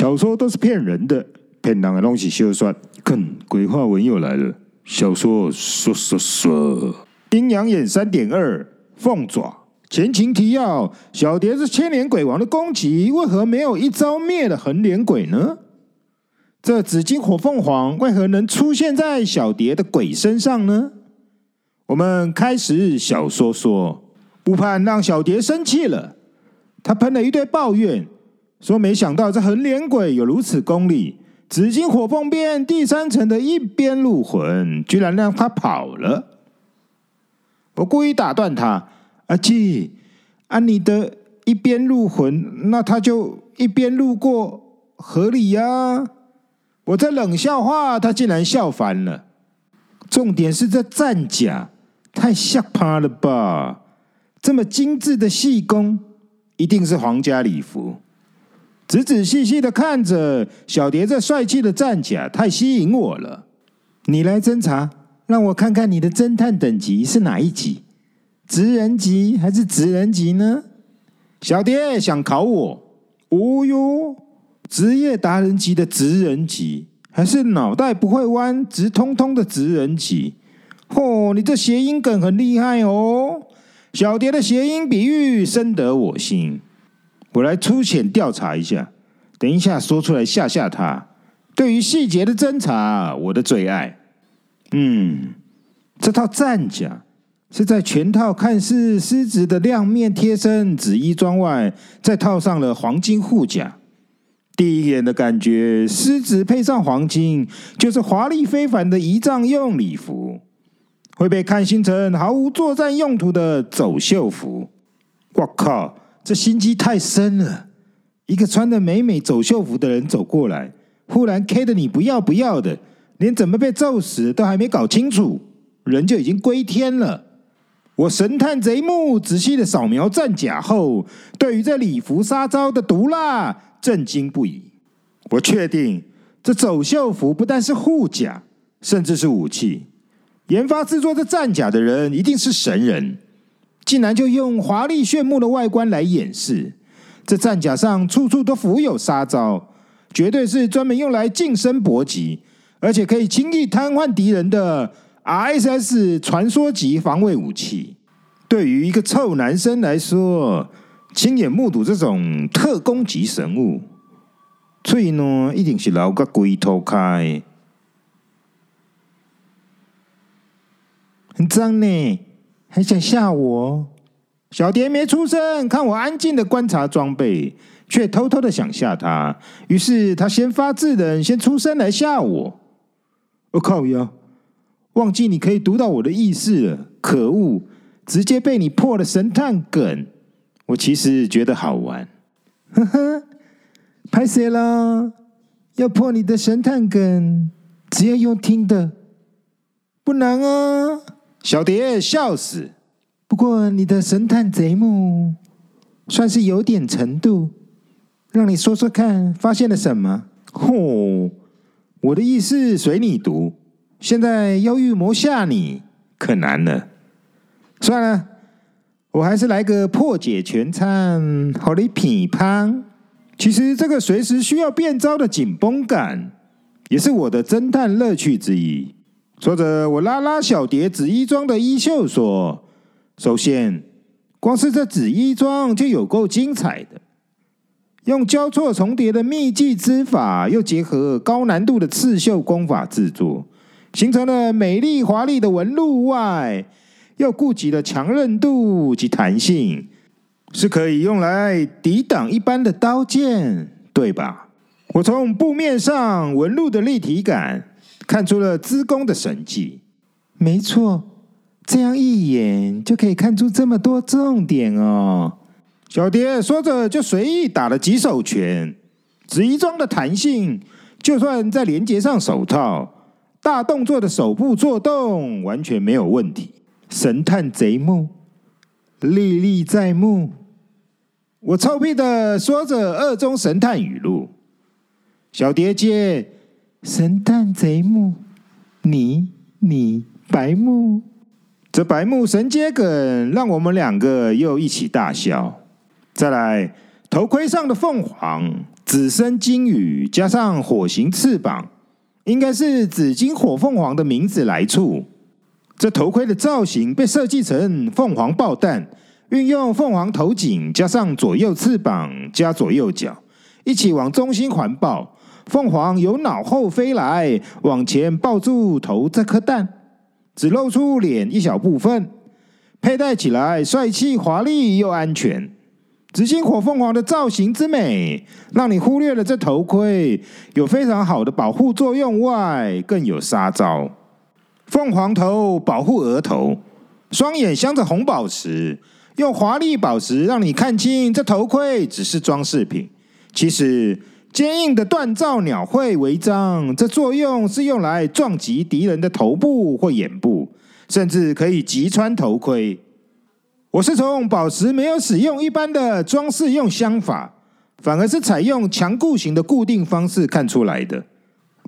小說都是騙人的，騙人的東西就算，看鬼話文又來了，小說說說說，陰陽眼三點二，鳳爪。前情提要：小蝶是千年鬼王的攻擊，為何沒有一招滅了橫臉鬼呢？這紫金火鳳凰為何能出現在小蝶的鬼身上呢？我們開始小，小說說，不怕讓小蝶生氣了，她噴了一堆抱怨。說沒想到這橫臉鬼有如此功力，紫金火鳳鞭第三層的一邊入魂，居然讓他跑了。我故意打斷他：“阿、啊、紀，按、啊、你的一邊入魂，那他就一邊路過，河裡呀。”我這冷笑話，他竟然笑翻了。重點是這戰甲太嚇趴了吧？這麼精致的細工，一定是皇家禮服。仔仔細細的看着小蝶這帥氣的戰甲，太吸引我了。你來偵查，讓我看看你的偵探等級是哪一級，直人級還是直人級呢？小蝶想考我，哦喲，職業達人級的直人級，還是腦袋不會彎、直通通的直人級？嚯、哦，你這諧音梗很厲害哦！小蝶的諧音比喻深得我心。我來粗淺調查一下，等一下說出來嚇嚇他。對於細節的偵查，我的最愛。嗯，這套戰甲是在全套看似獅子的亮面貼身紫衣裝外，再套上了黃金護甲。第一眼的感覺，獅子配上黃金，就是華麗非凡的儀仗用禮服，會被看成毫無作戰用途的走秀服。我靠！這心機太深了！一個穿的美美走秀服的人走過來，忽然 K 的你不要不要的，連怎麼被揍死都還沒搞清楚，人就已經歸天了。我神探賊目仔細的掃描戰甲後，對於這禮服殺招的毒辣震驚不已。我確定，這走秀服不但是護甲，甚至是武器。研發製作這戰甲的人一定是神人。竟然就用華麗炫目的外觀來掩飾，這戰甲上處處都伏有殺招，絕對是專門用來近身搏擊，而且可以輕易癱瘓敵人的 RSS 傳說級防衛武器。對於一個臭男生來說，親眼目睹這種特工級神物，最呢一定是腦殼龜頭開，很髒呢。還想嚇我？小蝶沒出聲，看我安靜的觀察裝備，卻偷偷的想嚇他。於是他先發制人，先出聲來嚇我。我、哦、靠呀！忘記你可以讀到我的意思了，可惡！直接被你破了神探梗。我其實覺得好玩，呵呵。拍誰了？要破你的神探梗，只要用聽的，不難啊、哦。小蝶笑死。不過你的神探賊目算是有點程度，讓你說說看發現了什麼？吼、哦，我的意思隨你讀。現在要預謀嚇你可難了。算了，我還是來個破解全餐，好的乒乓。其實這個隨時需要變招的緊繃感，也是我的偵探樂趣之一。說着，我拉拉小蝶紫衣裝的衣袖，說：“首先，光是這紫衣裝就有夠精彩的。用交錯重疊的密技之法，又結合高難度的刺繡功法制作，形成了美麗華麗的紋路外，又顧及了強韌度及彈性，是可以用來抵擋一般的刀劍，對吧？我從布面上紋路的立體感。”看出了織工的神技。沒錯，這樣一眼就可以看出這麼多重點哦。小蝶說着，就隨意打了幾手拳。紫衣裝的彈性，就算在連接上手套，大動作的手部作動完全沒有問題。神探賊目，歷歷在目。我臭屁的說着二中神探語錄，小蝶接。神探賊木，你你白目，這白目神接梗，讓我們兩個又一起大笑。再來，頭盔上的鳳凰，紫身金羽，加上火形翅膀，應該是紫金火鳳凰的名字來處。這頭盔的造型被設計成鳳凰抱蛋，運用鳳凰頭頸，加上左右翅膀，加左右腳，一起往中心環抱。鳳凰由腦後飛來，往前抱住頭這顆蛋，只露出臉一小部分。佩戴起來帥氣華麗又安全。紫金火鳳凰的造型之美，讓你忽略了這頭盔有非常好的保護作用外，更有殺招。鳳凰頭保護額頭，雙眼鑲着紅寶石，用華麗寶石讓你看清這頭盔只是裝飾品，其實。堅硬的鍛造鳥喙為章，這作用是用來撞擊敵人的頭部或眼部，甚至可以擊穿頭盔。我是從寶石沒有使用一般的裝飾用鑲法，反而是採用強固型的固定方式看出來的。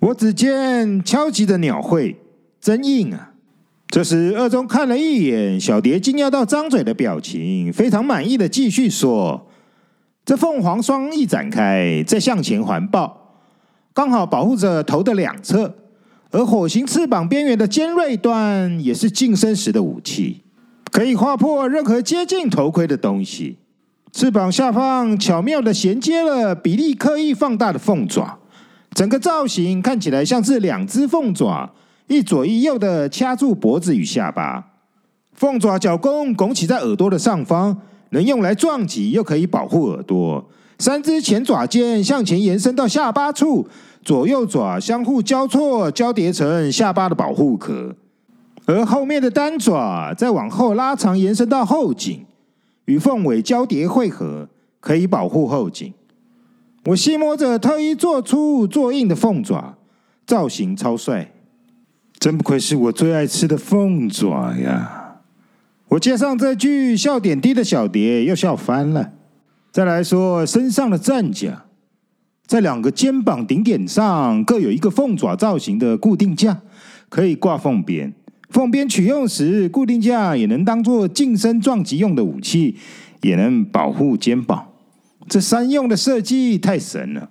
我只見敲擊的鳥喙，真硬啊！這時二中看了一眼小蝶，驚訝到張嘴的表情，非常滿意的繼續說。這鳳凰雙翼展開，再向前環抱，剛好保護着頭的兩側；而火星翅膀邊緣的尖銳端也是近身時的武器，可以劃破任何接近頭盔的東西。翅膀下方巧妙的銜接了比例刻意放大的鳳爪，整個造型看起來像是兩只鳳爪，一左一右的掐住脖子與下巴。鳳爪腳弓拱起在耳朵的上方。能用來撞擊，又可以保護耳朵。三隻前爪尖向前延伸到下巴處，左右爪相互交錯交疊成下巴的保護殼，而後面的單爪再往後拉長延伸到後頸，與鳳尾交疊會合，可以保護後頸。我細摸着特意做出做硬的鳳爪，造型超帥，真不愧是我最愛吃的鳳爪呀！我接上這句，笑點低的小蝶又笑翻了。再來說身上的戰甲，在兩個肩膀頂點上各有一個鳳爪造型的固定架，可以掛縫邊。縫邊取用時，固定架也能當做近身撞擊用的武器，也能保護肩膀。這三用的設計太神了！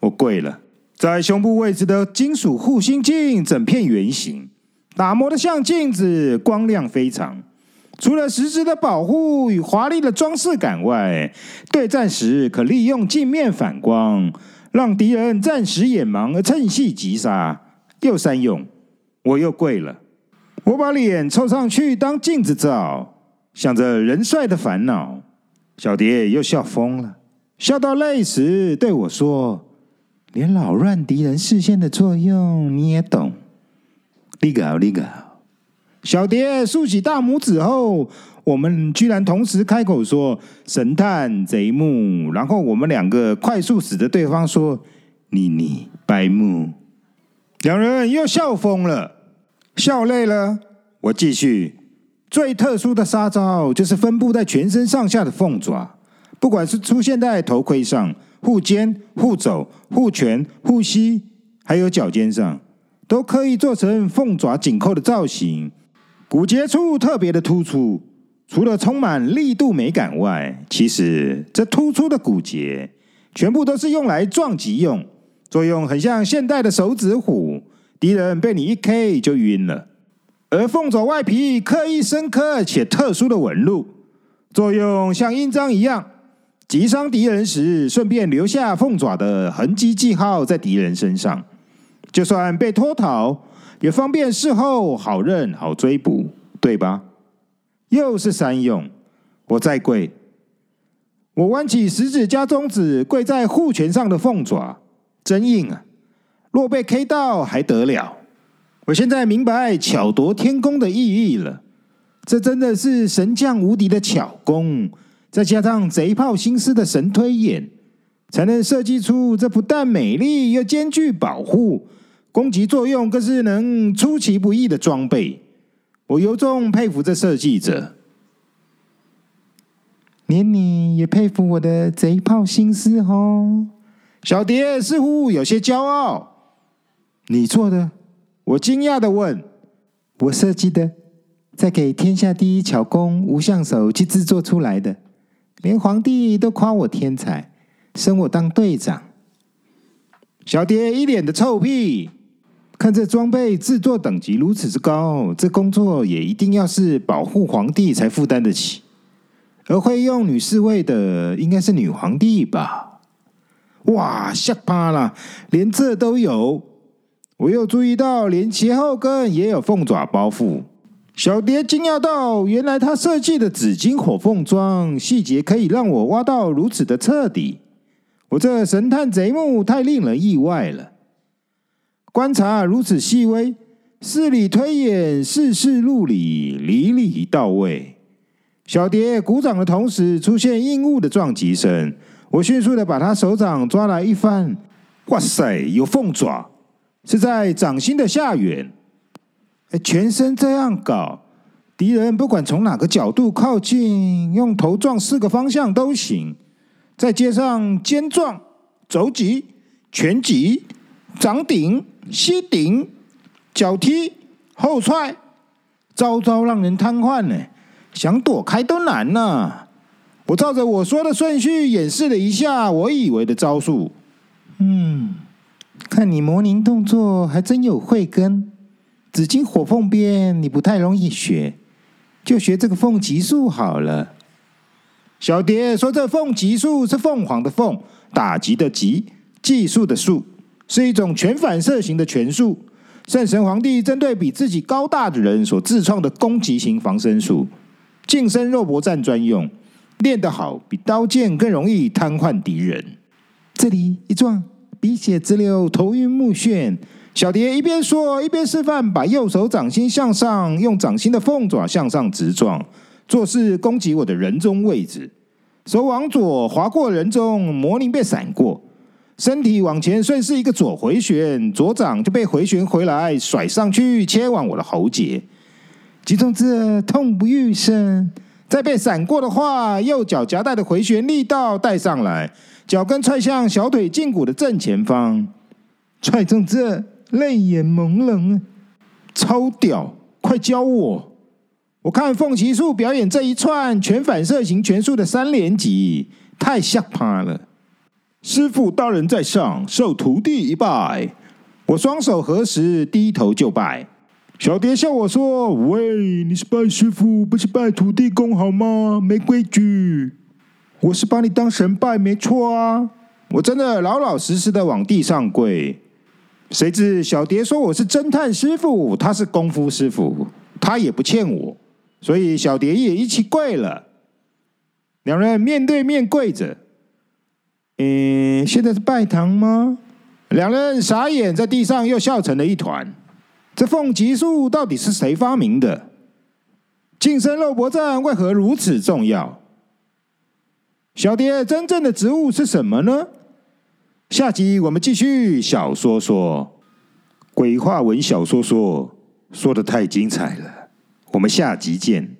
我跪了，在胸部位置的金屬護心鏡，整片圓形，打磨的像鏡子，光亮非常。除了實質的保護與華麗的裝飾感外，對戰時可利用鏡面反光，讓敵人暫時眼盲而趁隙擊殺，又善用，我又跪了。我把臉湊上去當鏡子照，想着人帥的煩惱，小蝶又笑瘋了，笑到累時，對我說：“連擾亂敵人視線的作用你也懂？”，理解，理解。小蝶豎起大拇指後，我們居然同時開口說“神探賊木”，然後我們兩個快速指着對方說“你你白目”，兩人又笑瘋了，笑累了，我繼續。最特殊的殺招就是分布在全身上下的鳳爪，不管是出現在頭盔上、護肩、護肘、護拳、護膝，還有腳尖上，都可以做成鳳爪緊扣的造型。骨節處特別的突出，除了充滿力度美感外，其實這突出的骨節全部都是用來撞擊用，作用很像現代的手指虎，敵人被你一 K 就暈了。而鳳爪外皮刻意深刻且特殊的紋路，作用像印章一樣，擊傷敵人時順便留下鳳爪的痕跡記號在敵人身上，就算被脫逃。也方便事後好認好追捕，對吧？又是三用，我再跪，我彎起食指加中指，跪在護拳上的鳳爪，真硬啊！若被 K 到還得了？我現在明白巧奪天工的意義了，這真的是神匠無敵的巧功，再加上賊炮心思的神推演，才能設計出這不但美麗又兼具保護。攻擊作用更是能出其不意的裝備，我由衷佩服這設計者。連你也佩服我的賊炮心思哦？小蝶似乎有些驕傲。你做的？我驚訝的問。我設計的，在給天下第一巧工吳相手去制作出來的，連皇帝都誇我天才，升我當隊長。小蝶一臉的臭屁。看這裝備製作等級如此之高，這工作也一定要是保護皇帝才負擔得起。而會用女侍衛的，應該是女皇帝吧？哇，嚇趴了，連這都有！我又注意到，連鞋後跟也有鳳爪包袱。小蝶驚訝道：“原來她設計的紫金火鳳裝細節，可以讓我挖到如此的徹底。我這神探賊目太令人意外了。”觀察如此細微，事理推演，事事入理，理理到位。小蝶鼓掌的同時，出現硬物的撞擊聲。我迅速的把她手掌抓來一番，哇塞，有鳳爪，是在掌心的下緣、欸。全身這樣搞，敵人不管從哪個角度靠近，用頭撞四個方向都行。再接上肩撞、肘擊、拳擊。掌頂、膝頂、腳踢、後踹，招招讓人癱瘓呢，想躲開都難呢、啊。我照着我說的順序演示了一下，我以為的招數。嗯，看你模擬動作，還真有慧根。紫金火鳳變你不太容易學，就學這個鳳擊術好了。小蝶說：“這鳳擊術是鳳凰的鳳，打擊的擊，技術的術。”是一種全反射型的拳術，聖神皇帝針對比自己高大的人所自創的攻擊型防身術，近身肉搏戰專用。練得好，比刀劍更容易癱瘓敵人。這裡一撞，鼻血直流，頭暈目眩。小蝶一邊說一邊示範，把右手掌心向上，用掌心的鳳爪向上直撞，做事攻擊我的人中位置。手往左滑過人中，魔靈便閃過。身體往前順勢一個左回旋，左掌就被回旋回來甩上去，切往我的喉結，擊中這痛不欲生。再被閃過的話，右腳夾帶的回旋力道帶上來，腳跟踹向小腿脛骨的正前方，踹中這淚眼朦朧，超屌！快教我！我看鳳擊術表演這一串全反射型拳術的三連擊，太嚇怕了。師傅大人在上，受徒弟一拜。我雙手合十，低頭就拜。小蝶笑我說：“喂，你是拜師傅，不是拜土地公好嗎？沒規矩！我是把你當神拜，沒錯啊！”我真的老老實實的往地上跪。誰知小蝶說：“我是偵探師傅，他是功夫師傅，他也不欠我，所以小蝶也一起跪了。”兩人面對面跪着。嗯，現在是拜堂嗎？兩人傻眼，在地上又笑成了一團。這鳳擊術到底是誰發明的？近身肉搏戰為何如此重要？小蝶真正的職務是什麼呢？下集我們繼續小說說鬼話文小說說說得太精彩了，我們下集見。